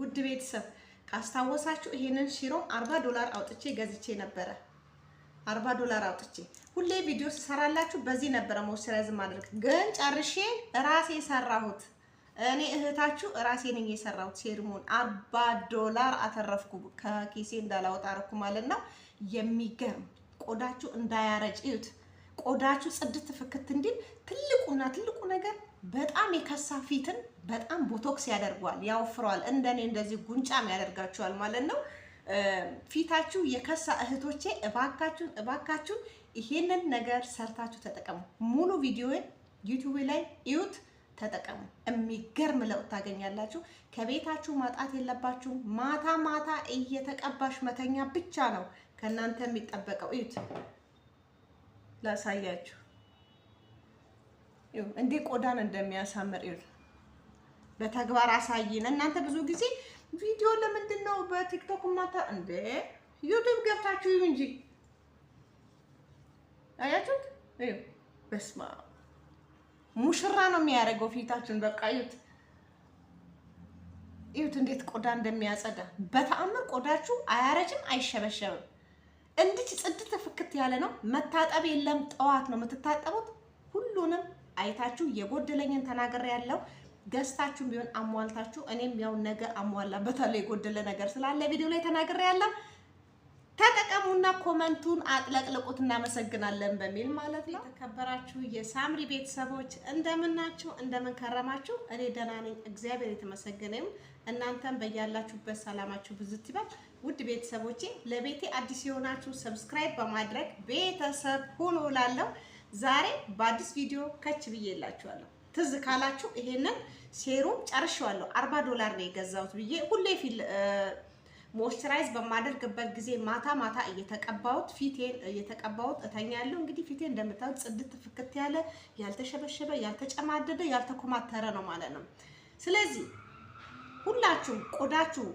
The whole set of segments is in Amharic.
ውድ ቤተሰብ ካስታወሳችሁ ይሄንን ሽሮ 40 ዶላር አውጥቼ ገዝቼ ነበረ። 40 ዶላር አውጥቼ ሁሌ ቪዲዮ ስሰራላችሁ በዚህ ነበረ ሞይስቸራይዝ ማድረግ፣ ግን ጨርሼ ራሴ ሰራሁት። እኔ እህታችሁ ራሴ ነኝ የሰራሁት ሴሪሞን። 40 ዶላር አተረፍኩ፣ ከኪሴ እንዳላወጣ አረኩ ማለት ነው። የሚገርም ቆዳችሁ እንዳያረጭ እዩት። ቆዳችሁ ጽድት ፍክት እንዲል ትልቁና ትልቁ ነገር በጣም የከሳ ፊትን በጣም ቦቶክስ ያደርገዋል፣ ያወፍረዋል። እንደኔ እንደዚህ ጉንጫም ያደርጋችኋል ማለት ነው። ፊታችሁ የከሳ እህቶቼ፣ እባካችሁን እባካችሁን ይሄንን ነገር ሰርታችሁ ተጠቀሙ። ሙሉ ቪዲዮን ዩቲዩብ ላይ እዩት፣ ተጠቀሙ። የሚገርም ለውጥ ታገኛላችሁ። ከቤታችሁ ማጣት የለባችሁ። ማታ ማታ እየተቀባሽ መተኛ ብቻ ነው ከእናንተ የሚጠበቀው። እዩት፣ ላሳያችሁ እንዴት ቆዳን እንደሚያሳምር በተግባር አሳይን። እናንተ ብዙ ጊዜ ቪዲዮ ለምንድን ነው በቲክቶክ ማታ እንደ ዩቱብ ገብታችሁ ይሁን እንጂ አያችሁት? በስማ ሙሽራ ነው የሚያደርገው ፊታችን በቃ ዩት ይሁት እንዴት ቆዳ እንደሚያጸዳ በተአምር ቆዳችሁ አያረጅም፣ አይሸበሸብም። እንዲች ጽድት ፍክት ያለ ነው። መታጠብ የለም። ጠዋት ነው የምትታጠቡት ሁሉንም አይታችሁ የጎደለኝን ተናገር ያለው ገዝታችሁም ቢሆን አሟልታችሁ እኔም ያው ነገ አሟላበታለሁ የጎደለ ነገር ስላለ ቪዲዮ ላይ ተናገር ያለው ተጠቀሙና ኮመንቱን አጥለቅልቁት። እናመሰግናለን በሚል ማለት ነው። የተከበራችሁ የሳምሪ ቤተሰቦች እንደምናችሁ፣ እንደምንከረማችሁ። እኔ ደህና ነኝ፣ እግዚአብሔር የተመሰገነ እናንተም በያላችሁበት ሰላማችሁ ብዝት ይበል። ውድ ቤተሰቦቼ፣ ለቤቴ አዲስ የሆናችሁ ሰብስክራይብ በማድረግ ቤተሰብ ሁኑ እላለሁ። ዛሬ በአዲስ ቪዲዮ ከች ብዬላችኋለሁ። ትዝ ካላችሁ ይሄንን ሴሩም ጨርሼዋለሁ። አርባ ዶላር ነው የገዛሁት ብዬ ሁሌ ፊል ሞይስቸራይዝ በማደርግበት ጊዜ ማታ ማታ እየተቀባሁት ፊቴን እየተቀባሁት እተኛለሁ። እንግዲህ ፊቴ እንደምታዩት ጽድት ፍክት ያለ ያልተሸበሸበ፣ ያልተጨማደደ፣ ያልተኮማተረ ነው ማለት ነው። ስለዚህ ሁላችሁም ቆዳችሁ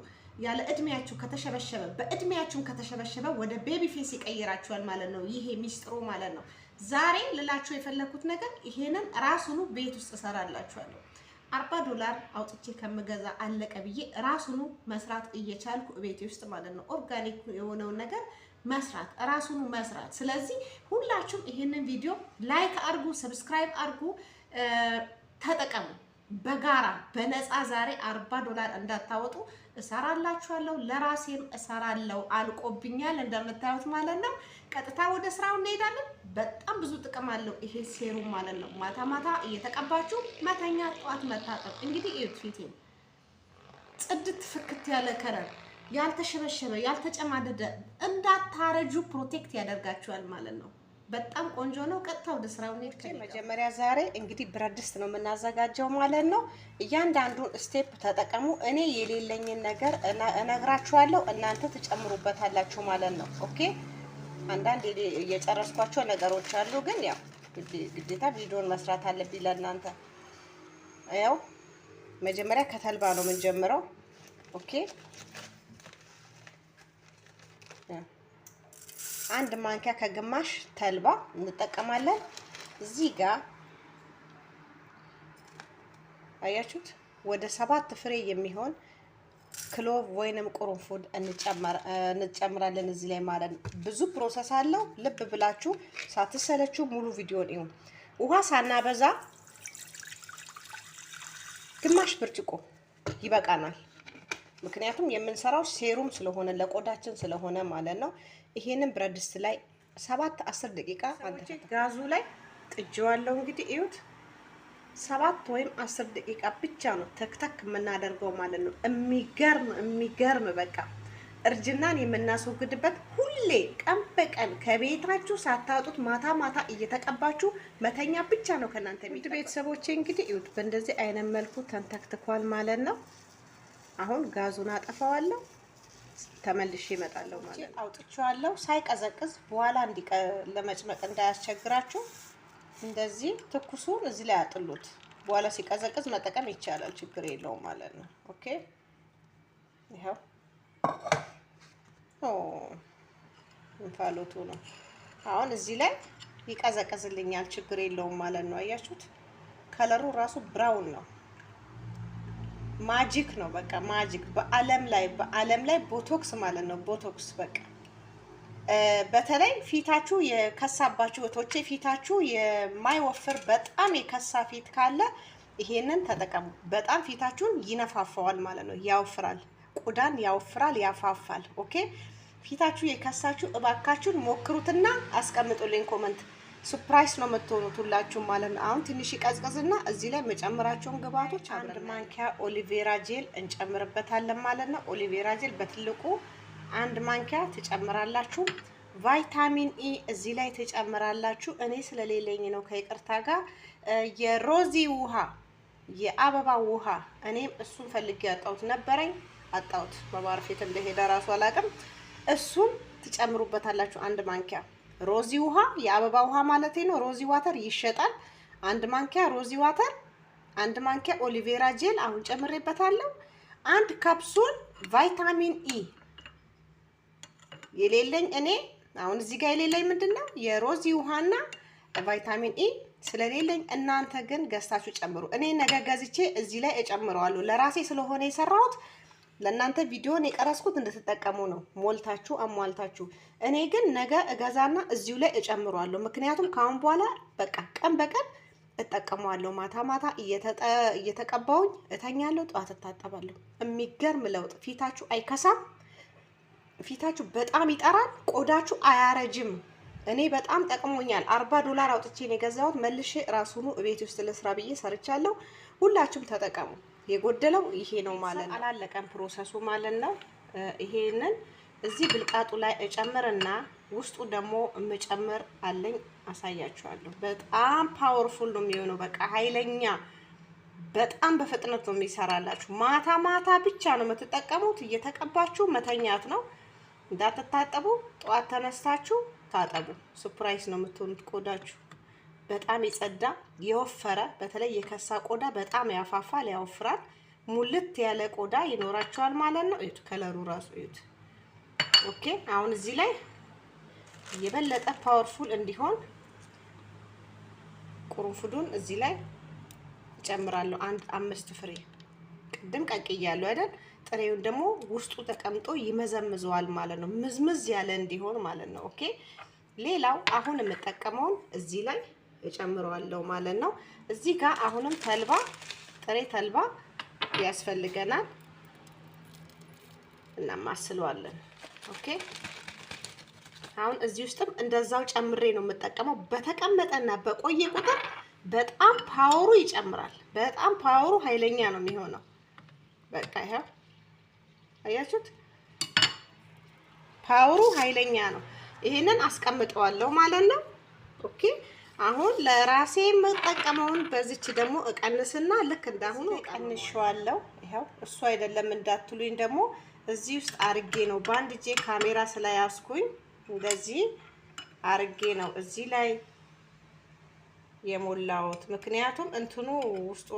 ያለ እድሜያችሁ ከተሸበሸበ በእድሜያችሁም ከተሸበሸበ ወደ ቤቢ ፌስ ይቀይራችኋል ማለት ነው። ይሄ ሚስጥሩ ማለት ነው። ዛሬ ልላችሁ የፈለኩት ነገር ይሄንን ራሱኑ ቤት ውስጥ እሰራላችኋለሁ። አርባ ዶላር አውጥቼ ከምገዛ አለቀ ብዬ ራሱኑ መስራት እየቻልኩ ቤቴ ውስጥ ማለት ነው ኦርጋኒክ የሆነውን ነገር መስራት ራሱኑ መስራት። ስለዚህ ሁላችሁም ይሄንን ቪዲዮ ላይክ አርጉ፣ ሰብስክራይብ አርጉ፣ ተጠቀሙ። በጋራ በነፃ ዛሬ አርባ ዶላር እንዳታወጡ እሰራላችኋለሁ። ለራሴም እሰራለሁ። አልቆብኛል እንደምታዩት ማለት ነው። ቀጥታ ወደ ስራው እንሄዳለን። በጣም ብዙ ጥቅም አለው ይሄ ሴሩም ማለት ነው። ማታ ማታ እየተቀባችሁ መተኛ፣ ጠዋት መታጠብ። እንግዲህ እዩት ፊቴን ጽድት ፍክት ያለ ከረር፣ ያልተሸበሸበ ያልተጨማደደ፣ እንዳታረጁ ፕሮቴክት ያደርጋችኋል ማለት ነው። በጣም ቆንጆ ነው። ቀጥታ ወደ ስራው እንሄድ። መጀመሪያ ዛሬ እንግዲህ ብረት ድስት ነው የምናዘጋጀው ማለት ነው። እያንዳንዱን ስቴፕ ተጠቀሙ። እኔ የሌለኝን ነገር እነግራችኋለሁ፣ እናንተ ትጨምሩበታላችሁ ማለት ነው። ኦኬ አንዳንድ እየጨረስኳቸው ነገሮች አሉ። ግን ያው ግዴታ ቪዲዮን መስራት አለብኝ ለእናንተ። ያው መጀመሪያ ከተልባ ነው የምንጀምረው። ኦኬ አንድ ማንኪያ ከግማሽ ተልባ እንጠቀማለን። እዚህ ጋር አያችሁት ወደ ሰባት ፍሬ የሚሆን ክሎቭ ወይንም ቁርንፉድ እንጨምራለን እዚህ ላይ ማለት ነው። ብዙ ፕሮሰስ አለው። ልብ ብላችሁ ሳትሰለችሁ ሙሉ ቪዲዮን ይሁን። ውሃ ሳናበዛ ግማሽ ብርጭቆ ይበቃናል። ምክንያቱም የምንሰራው ሴሩም ስለሆነ ለቆዳችን ስለሆነ ማለት ነው። ይሄንን ብረት ድስት ላይ ሰባት አስር ደቂቃ ጋዙ ላይ ጥጄዋለሁ እንግዲህ እዩት። ሰባት ወይም አስር ደቂቃ ብቻ ነው ተክተክ የምናደርገው ማለት ነው። የሚገርም የሚገርም በቃ እርጅናን የምናስወግድበት ሁሌ ቀን በቀን ከቤታችሁ ሳታጡት ማታ ማታ እየተቀባችሁ መተኛ ብቻ ነው ከእናንተ ውድ ቤተሰቦቼ። እንግዲህ ይሁት በእንደዚህ አይነት መልኩ ተንተክትኳል ማለት ነው። አሁን ጋዙን አጠፋዋለሁ፣ ተመልሼ እመጣለሁ ማለት ነው። አውጥቼዋለሁ ሳይቀዘቅዝ በኋላ ለመጭመቅ እንዳያስቸግራችሁ እንደዚህ ትኩሱን እዚህ ላይ አጥሉት። በኋላ ሲቀዘቅዝ መጠቀም ይቻላል፣ ችግር የለውም ማለት ነው። ኦኬ ይኸው እንፋሎቱ ነው። አሁን እዚህ ላይ ይቀዘቅዝልኛል፣ ችግር የለውም ማለት ነው። አያችሁት? ከለሩ ራሱ ብራውን ነው። ማጂክ ነው። በቃ ማጂክ። በዓለም ላይ በዓለም ላይ ቦቶክስ ማለት ነው። ቦቶክስ በቃ በተለይ ፊታችሁ የከሳባችሁ እህቶቼ ፊታችሁ የማይወፍር በጣም የከሳ ፊት ካለ ይሄንን ተጠቀሙ። በጣም ፊታችሁን ይነፋፋዋል ማለት ነው፣ ያወፍራል፣ ቆዳን ያወፍራል፣ ያፋፋል። ኦኬ ፊታችሁ የከሳችሁ እባካችሁን ሞክሩትና አስቀምጡልኝ ኮመንት። ሱፕራይስ ነው የምትሆኑት ሁላችሁም ማለት ነው። አሁን ትንሽ ይቀዝቅዝና እዚህ ላይ መጨመራቸውን ግብአቶች አንድ ማንኪያ ኦሊቬራ ጄል እንጨምርበታለን ማለት ነው። ኦሊቬራ ጄል በትልቁ አንድ ማንኪያ ትጨምራላችሁ። ቫይታሚን ኢ እዚህ ላይ ትጨምራላችሁ። እኔ ስለሌለኝ ነው ከይቅርታ ጋር። የሮዚ ውሃ፣ የአበባ ውሃ እኔም እሱን ፈልጌ አጣሁት ነበረኝ፣ አጣሁት። በማርፌት እንደሄደ ራሱ አላውቅም። እሱን ትጨምሩበታላችሁ አንድ ማንኪያ ሮዚ ውሃ፣ የአበባ ውሃ ማለት ነው። ሮዚ ዋተር ይሸጣል። አንድ ማንኪያ ሮዚ ዋተር፣ አንድ ማንኪያ ኦሊቬራ ጄል አሁን ጨምሬበታለሁ። አንድ ካፕሱል ቫይታሚን ኢ የሌለኝ እኔ አሁን እዚህ ጋር የሌለኝ ምንድን ነው የሮዝ ውሃና ቫይታሚን ኢ ስለሌለኝ እናንተ ግን ገዝታችሁ ጨምሩ። እኔ ነገ ገዝቼ እዚህ ላይ እጨምረዋለሁ። ለራሴ ስለሆነ የሰራሁት ለእናንተ ቪዲዮን የቀረስኩት እንድትጠቀሙ ነው፣ ሞልታችሁ አሟልታችሁ። እኔ ግን ነገ እገዛና እዚሁ ላይ እጨምረዋለሁ። ምክንያቱም ከአሁን በኋላ በቃ ቀን በቀን እጠቀመዋለሁ። ማታ ማታ እየተቀባውኝ እተኛለሁ፣ ጠዋት እታጠባለሁ። የሚገርም ለውጥ ፊታችሁ አይከሳም። ፊታችሁ በጣም ይጠራል፣ ቆዳችሁ አያረጅም። እኔ በጣም ጠቅሞኛል። አርባ ዶላር አውጥቼ ነው የገዛሁት። መልሼ ራሱኑ ቤት ውስጥ ለስራ ብዬ ሰርቻለሁ። ሁላችሁም ተጠቀሙ። የጎደለው ይሄ ነው ማለት ነው። አላለቀም ፕሮሰሱ ማለት ነው። ይሄንን እዚህ ብልቃጡ ላይ እጨምርና ውስጡ ደግሞ የምጨምር አለኝ አሳያችኋለሁ። በጣም ፓወርፉል ነው የሚሆነው። በቃ ኃይለኛ በጣም በፍጥነት ነው የሚሰራላችሁ። ማታ ማታ ብቻ ነው የምትጠቀሙት። እየተቀባችሁ መተኛት ነው። እንዳትታጠቡ ጠዋት ተነስታችሁ ታጠቡ። ሱፕራይዝ ነው የምትሆኑት። ቆዳችሁ በጣም የጸዳ የወፈረ፣ በተለይ የከሳ ቆዳ በጣም ያፋፋል፣ ያወፍራል። ሙልት ያለ ቆዳ ይኖራቸዋል ማለት ነው። እዩት፣ ከለሩ ራሱ እዩት። ኦኬ፣ አሁን እዚህ ላይ የበለጠ ፓወርፉል እንዲሆን ቁርንፉዱን እዚህ ላይ እጨምራለሁ። አንድ አምስት ፍሬ ቅድም ቀቅያለሁ አይደል? ጥሬውን ደግሞ ውስጡ ተቀምጦ ይመዘምዘዋል ማለት ነው። ምዝምዝ ያለ እንዲሆን ማለት ነው። ኦኬ ሌላው አሁን የምጠቀመውን እዚህ ላይ እጨምረዋለሁ ማለት ነው። እዚህ ጋር አሁንም ተልባ ጥሬ ተልባ ያስፈልገናል እናማስለዋለን። ኦኬ አሁን እዚህ ውስጥም እንደዛው ጨምሬ ነው የምጠቀመው። በተቀመጠና በቆየ ቁጥር በጣም ፓወሩ ይጨምራል። በጣም ፓወሩ ኃይለኛ ነው የሚሆነው። በቃ ይኸው አያችሁት? ፓወሩ ኃይለኛ ነው። ይሄንን አስቀምጠዋለሁ ማለት ነው። ኦኬ አሁን ለራሴ የምጠቀመውን በዚች ደግሞ እቀንስና ልክ እንዳሁኑ እቀንሸዋለሁ። ይኸው እሱ አይደለም እንዳትሉኝ ደግሞ እዚህ ውስጥ አርጌ ነው በአንድ እጄ ካሜራ ስላያዝኩኝ እንደዚህ አርጌ ነው እዚህ ላይ የሞላሁት። ምክንያቱም እንትኑ ውስጡ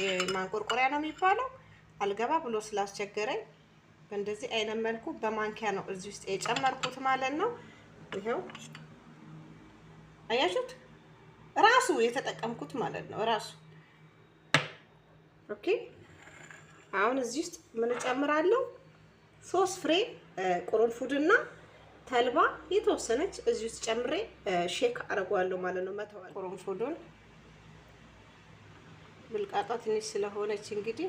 ይሄ ማንቆርቆሪያ ነው የሚባለው አልገባ ብሎ ስላስቸገረኝ በእንደዚህ አይነት መልኩ በማንኪያ ነው እዚህ ውስጥ የጨመርኩት ማለት ነው። ይኸው አያችሁት፣ ራሱ የተጠቀምኩት ማለት ነው ራሱ። ኦኬ አሁን እዚህ ውስጥ ምን እጨምራለሁ? ሶስት ፍሬ እና ተልባ የተወሰነች እዚህ ውስጥ ጨምሬ ሼክ አድርጓለሁ ማለት ነው። መተዋል ቁርንፉዱን ብልቃጧ ትንሽ ስለሆነች እንግዲህ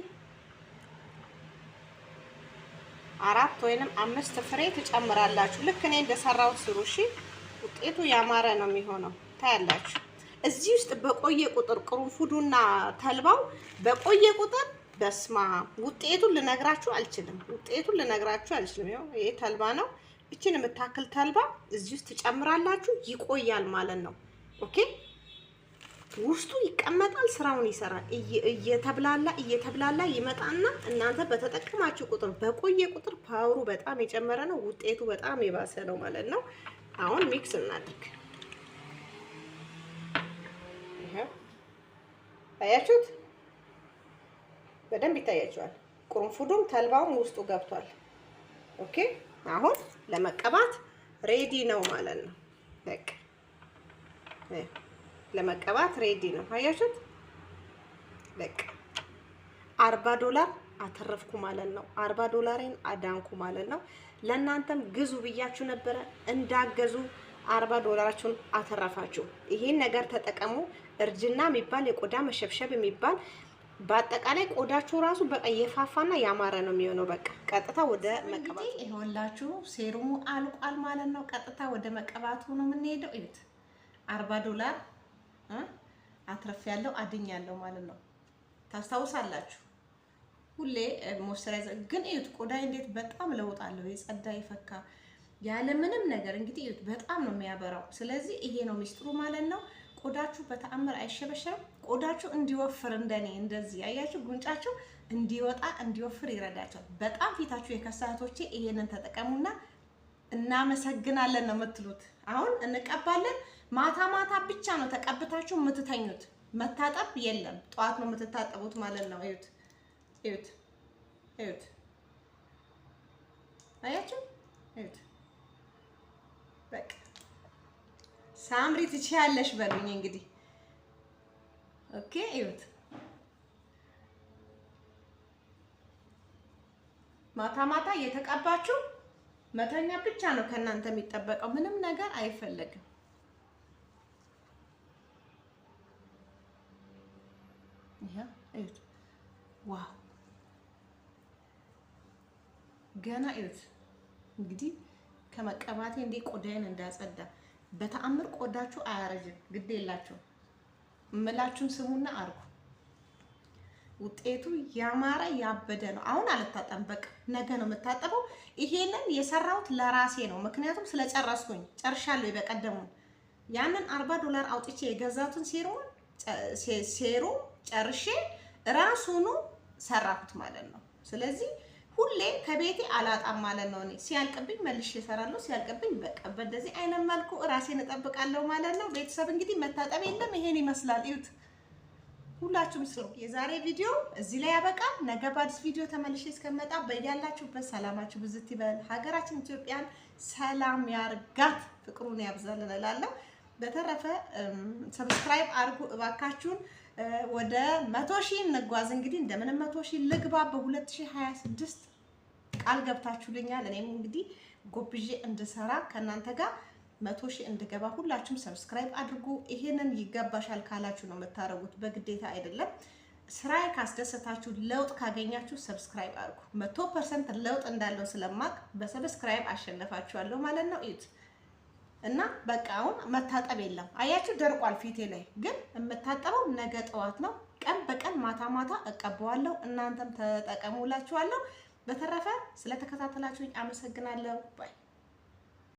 አራት ወይንም አምስት ፍሬ ትጨምራላችሁ። ልክ እኔ እንደሰራው ስሩ። እሺ፣ ውጤቱ ያማረ ነው የሚሆነው። ታያላችሁ። እዚህ ውስጥ በቆየ ቁጥር ቅርንፉዱና ተልባው በቆየ ቁጥር በስማ ውጤቱን ልነግራችሁ አልችልም። ውጤቱን ልነግራችሁ አልችልም። ይሄ ተልባ ነው። እችን የምታክል ተልባ እዚህ ውስጥ ትጨምራላችሁ። ይቆያል ማለት ነው። ኦኬ ውስጡ ይቀመጣል፣ ስራውን ይሰራል። እየተብላላ እየተብላላ ይመጣና እናንተ በተጠቀማችሁ ቁጥር በቆየ ቁጥር ፓወሩ በጣም የጨመረ ነው፣ ውጤቱ በጣም የባሰ ነው ማለት ነው። አሁን ሚክስ እናድርግ። አያችሁት? በደንብ ይታያችኋል። ቁርንፉዱም ተልባውም ውስጡ ገብቷል። ኦኬ፣ አሁን ለመቀባት ሬዲ ነው ማለት ነው። በቃ ለመቀባት ሬዲ ነው። አያችሁት? በቃ አርባ ዶላር አተረፍኩ ማለት ነው። አርባ ዶላሬን አዳንኩ ማለት ነው። ለእናንተም ግዙ ብያችሁ ነበረ እንዳገዙ አርባ ዶላራችሁን አተረፋችሁ። ይህን ነገር ተጠቀሙ። እርጅና የሚባል የቆዳ መሸብሸብ የሚባል በአጠቃላይ ቆዳችሁ ራሱ በቃ የፋፋና ያማረ ነው የሚሆነው። በቃ ቀጥታ ወደ መቀባቱ ይኸውላችሁ፣ ሴሩሙ አልቋል ማለት ነው። ቀጥታ ወደ መቀባቱ ነው የምንሄደው። እዩት፣ አርባ ዶላር አትረፍ ያለው አድኝ ያለው ማለት ነው። ታስታውሳላችሁ ሁሌ ሞስተራይዘ ግን እዩት፣ ቆዳ እንዴት በጣም ለውጥ አለው። የጸዳ የፈካ ምንም ነገር እንግዲህ እዩት፣ በጣም ነው የሚያበራው። ስለዚህ ይሄ ነው ሚስጥሩ ማለት ነው። ቆዳችሁ በተአምር አይሸበሸርም ቆዳችሁ እንዲወፍር እንደኔ እንደዚህ ያያችሁ ጉንጫችሁ እንዲወጣ እንዲወፍር ይረዳቸዋል። በጣም ፊታችሁ የከሳቶቼ ይሄንን ተጠቀሙና እናመሰግናለን ነው የምትሉት። አሁን እንቀባለን ማታ ማታ ብቻ ነው ተቀብታችሁ የምትተኙት። መታጠብ የለም። ጠዋት ነው የምትታጠቡት ማለት ነው። እዩት፣ እዩት፣ እዩት፣ አያችሁ? እዩት። በቃ ሳምሪ ትችያለሽ በሉኝ እንግዲህ። ኦኬ፣ እዩት። ማታ ማታ እየተቀባችሁ መተኛ ብቻ ነው ከእናንተ የሚጠበቀው። ምንም ነገር አይፈለግም። እዩት። ዋው ገና እዩት። እንግዲህ ከመቀባቴ እንዴ ቆዳዬን እንዳጸዳ በተአምር ቆዳችሁ አያረጅም። ግድ የላችሁ እምላችሁን ስሙና አርጉ። ውጤቱ ያማረ ያበደ ነው። አሁን አልታጠብም፣ በቃ ነገ ነው የምታጠበው። ይሄንን የሰራሁት ለራሴ ነው፣ ምክንያቱም ስለጨረስኩኝ ጨርሻለሁ። በቀደሙን ያንን አርባ ዶላር አውጥቼ የገዛቱን ሴሩም ሴሩ ጨርሼ ራሱኑ ሰራኩት ማለት ነው። ስለዚህ ሁሌ ከቤቴ አላጣም ማለት ነው። እኔ ሲያልቅብኝ መልሼ እሰራለሁ፣ ሲያልቅብኝ በቃ በእንደዚህ አይነት መልኩ ራሴን እጠብቃለሁ ማለት ነው። ቤተሰብ እንግዲህ መታጠብ የለም ይሄን ይመስላል። እዩት፣ ሁላችሁም ስሩ። የዛሬ ቪዲዮ እዚህ ላይ ያበቃ። ነገ በአዲስ ቪዲዮ ተመልሼ እስከመጣ በያላችሁበት ሰላማችሁ ብዝት ይበል። ሀገራችን ኢትዮጵያን ሰላም ያርጋት፣ ፍቅሩን ያብዛልን እላለሁ። በተረፈ ሰብስክራይብ አድርጉ እባካችሁን። ወደ መቶ ሺህ እንጓዝ እንግዲህ እንደምንም መቶ ሺህ ልግባ በ2026 ቃል ገብታችሁልኛል። እኔም እንግዲህ ጎብዤ እንድሰራ ከእናንተ ጋር መቶ ሺህ እንድገባ ሁላችሁም ሰብስክራይብ አድርጉ። ይሄንን ይገባሻል ካላችሁ ነው የምታደርጉት፣ በግዴታ አይደለም። ስራዬ ካስደሰታችሁ ለውጥ ካገኛችሁ ሰብስክራይብ አድርጉ። መቶ ፐርሰንት ለውጥ እንዳለው ስለማቅ በሰብስክራይብ አሸነፋችኋለሁ ማለት ነው። እዩት። እና በቃ አሁን መታጠብ የለም አያችሁ፣ ደርቋል ፊቴ ላይ ግን የምታጠበው ነገ ጠዋት ነው። ቀን በቀን ማታ ማታ እቀበዋለሁ። እናንተም ተጠቀሙላችኋለሁ። በተረፈ ስለተከታተላችሁኝ አመሰግናለሁ ባይ